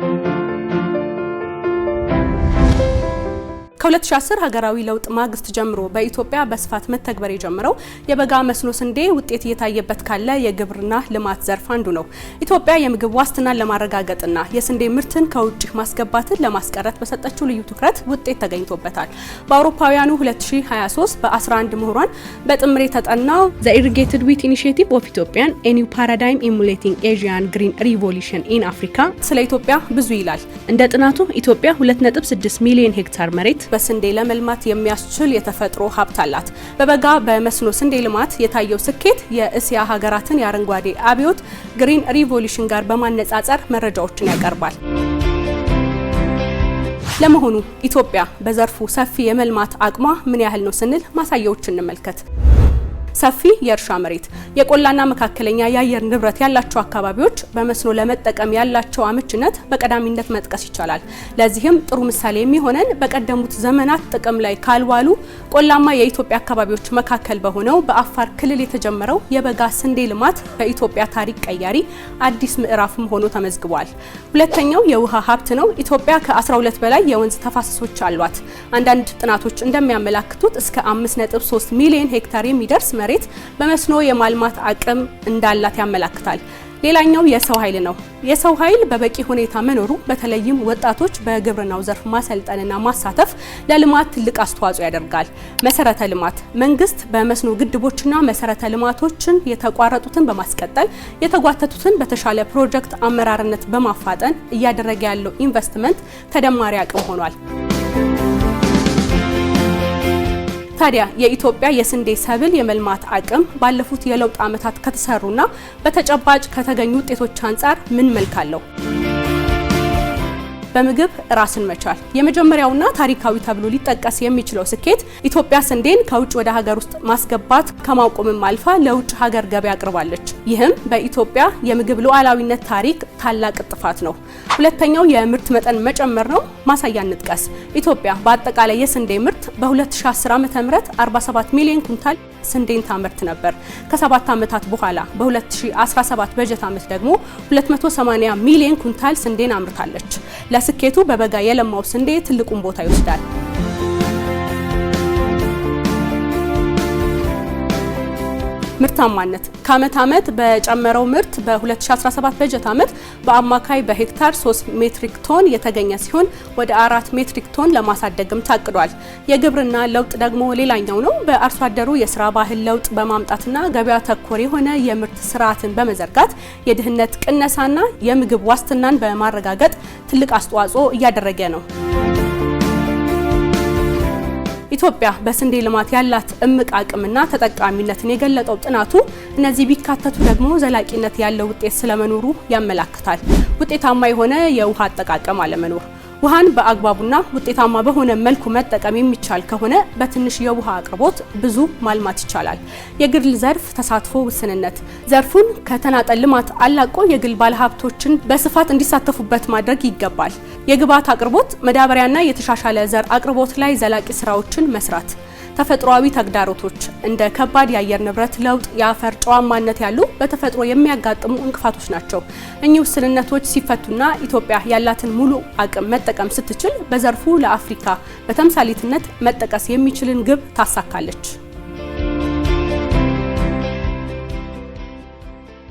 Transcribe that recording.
Thank you. ከ2010 ሀገራዊ ለውጥ ማግስት ጀምሮ በኢትዮጵያ በስፋት መተግበር የጀመረው የበጋ መስኖ ስንዴ ውጤት እየታየበት ካለ የግብርና ልማት ዘርፍ አንዱ ነው። ኢትዮጵያ የምግብ ዋስትናን ለማረጋገጥና የስንዴ ምርትን ከውጭ ማስገባትን ለማስቀረት በሰጠችው ልዩ ትኩረት ውጤት ተገኝቶበታል። በአውሮፓውያኑ 2023 በ11 ምሁራን በጥምር የተጠናው ዘ ኢሪጌትድ ዊት ኢኒሽቲቭ ኦፍ ኢትዮጵያን ኤኒው ፓራዳይም ኢሙሌቲንግ ኤዥያን ግሪን ሪቮሉሽን ኢን አፍሪካ ስለ ኢትዮጵያ ብዙ ይላል። እንደ ጥናቱ ኢትዮጵያ 2.6 ሚሊዮን ሄክታር መሬት በስንዴ ለመልማት የሚያስችል የተፈጥሮ ሀብት አላት። በበጋ በመስኖ ስንዴ ልማት የታየው ስኬት የእስያ ሀገራትን የአረንጓዴ አብዮት ግሪን ሪቮሉሽን ጋር በማነጻጸር መረጃዎችን ያቀርባል። ለመሆኑ ኢትዮጵያ በዘርፉ ሰፊ የመልማት አቅሟ ምን ያህል ነው ስንል ማሳያዎችን እንመልከት። ሰፊ የእርሻ መሬት፣ የቆላና መካከለኛ የአየር ንብረት ያላቸው አካባቢዎች በመስኖ ለመጠቀም ያላቸው አመችነት በቀዳሚነት መጥቀስ ይቻላል። ለዚህም ጥሩ ምሳሌ የሚሆነን በቀደሙት ዘመናት ጥቅም ላይ ካልዋሉ ቆላማ የኢትዮጵያ አካባቢዎች መካከል በሆነው በአፋር ክልል የተጀመረው የበጋ ስንዴ ልማት በኢትዮጵያ ታሪክ ቀያሪ አዲስ ምዕራፍም ሆኖ ተመዝግቧል። ሁለተኛው የውሃ ሀብት ነው። ኢትዮጵያ ከ12 በላይ የወንዝ ተፋሰሶች አሏት። አንዳንድ ጥናቶች እንደሚያመላክቱት እስከ 5.3 ሚሊዮን ሄክታር የሚደርስ መሬት በመስኖ የማልማት አቅም እንዳላት ያመላክታል። ሌላኛው የሰው ኃይል ነው። የሰው ኃይል በበቂ ሁኔታ መኖሩ በተለይም ወጣቶች በግብርናው ዘርፍ ማሰልጠንና ማሳተፍ ለልማት ትልቅ አስተዋጽኦ ያደርጋል። መሰረተ ልማት መንግስት በመስኖ ግድቦችና መሰረተ ልማቶችን የተቋረጡትን በማስቀጠል የተጓተቱትን በተሻለ ፕሮጀክት አመራርነት በማፋጠን እያደረገ ያለው ኢንቨስትመንት ተደማሪ አቅም ሆኗል። ታዲያ የኢትዮጵያ የስንዴ ሰብል የመልማት አቅም ባለፉት የለውጥ ዓመታት ከተሰሩና በተጨባጭ ከተገኙ ውጤቶች አንጻር ምን መልክ አለው? በምግብ ራስን መቻል የመጀመሪያውና ታሪካዊ ተብሎ ሊጠቀስ የሚችለው ስኬት ኢትዮጵያ ስንዴን ከውጭ ወደ ሀገር ውስጥ ማስገባት ከማቆምም አልፋ ለውጭ ሀገር ገበያ አቅርባለች። ይህም በኢትዮጵያ የምግብ ሉዓላዊነት ታሪክ ታላቅ ጥፋት ነው። ሁለተኛው የምርት መጠን መጨመር ነው። ማሳያ እንጥቀስ። ኢትዮጵያ በአጠቃላይ የስንዴ ምርት በ2010 ዓ.ም 47 ሚሊዮን ኩንታል ስንዴን ታመርት ነበር። ከሰባት ዓመታት በኋላ በ2017 በጀት ዓመት ደግሞ 280 ሚሊዮን ኩንታል ስንዴን አምርታለች። ለስኬቱ በበጋ የለማው ስንዴ ትልቁን ቦታ ይወስዳል። ምርታማነት ከአመት አመት በጨመረው ምርት በ2017 በጀት አመት በአማካይ በሄክታር 3 ሜትሪክ ቶን የተገኘ ሲሆን ወደ አራት ሜትሪክ ቶን ለማሳደግም ታቅዷል። የግብርና ለውጥ ደግሞ ሌላኛው ነው። በአርሶ አደሩ የስራ ባህል ለውጥ በማምጣትና ገበያ ተኮር የሆነ የምርት ስርዓትን በመዘርጋት የድህነት ቅነሳና የምግብ ዋስትናን በማረጋገጥ ትልቅ አስተዋጽኦ እያደረገ ነው። ኢትዮጵያ በስንዴ ልማት ያላት እምቅ አቅምና ተጠቃሚነትን የገለጠው ጥናቱ እነዚህ ቢካተቱ ደግሞ ዘላቂነት ያለው ውጤት ስለመኖሩ ያመላክታል። ውጤታማ የሆነ የውሃ አጠቃቀም አለመኖር ውሃን በአግባቡና ውጤታማ በሆነ መልኩ መጠቀም የሚቻል ከሆነ በትንሽ የውሃ አቅርቦት ብዙ ማልማት ይቻላል። የግል ዘርፍ ተሳትፎ ውስንነት ዘርፉን ከተናጠል ልማት አላቆ የግል ባለሀብቶችን በስፋት እንዲሳተፉበት ማድረግ ይገባል። የግብዓት አቅርቦት፣ መዳበሪያና የተሻሻለ ዘር አቅርቦት ላይ ዘላቂ ስራዎችን መስራት ተፈጥሯዊ ተግዳሮቶች እንደ ከባድ የአየር ንብረት ለውጥ፣ የአፈር ጨዋማነት ያሉ በተፈጥሮ የሚያጋጥሙ እንቅፋቶች ናቸው። እኚህ ውስንነቶች ሲፈቱና ኢትዮጵያ ያላትን ሙሉ አቅም መጠቀም ስትችል በዘርፉ ለአፍሪካ በተምሳሌትነት መጠቀስ የሚችልን ግብ ታሳካለች።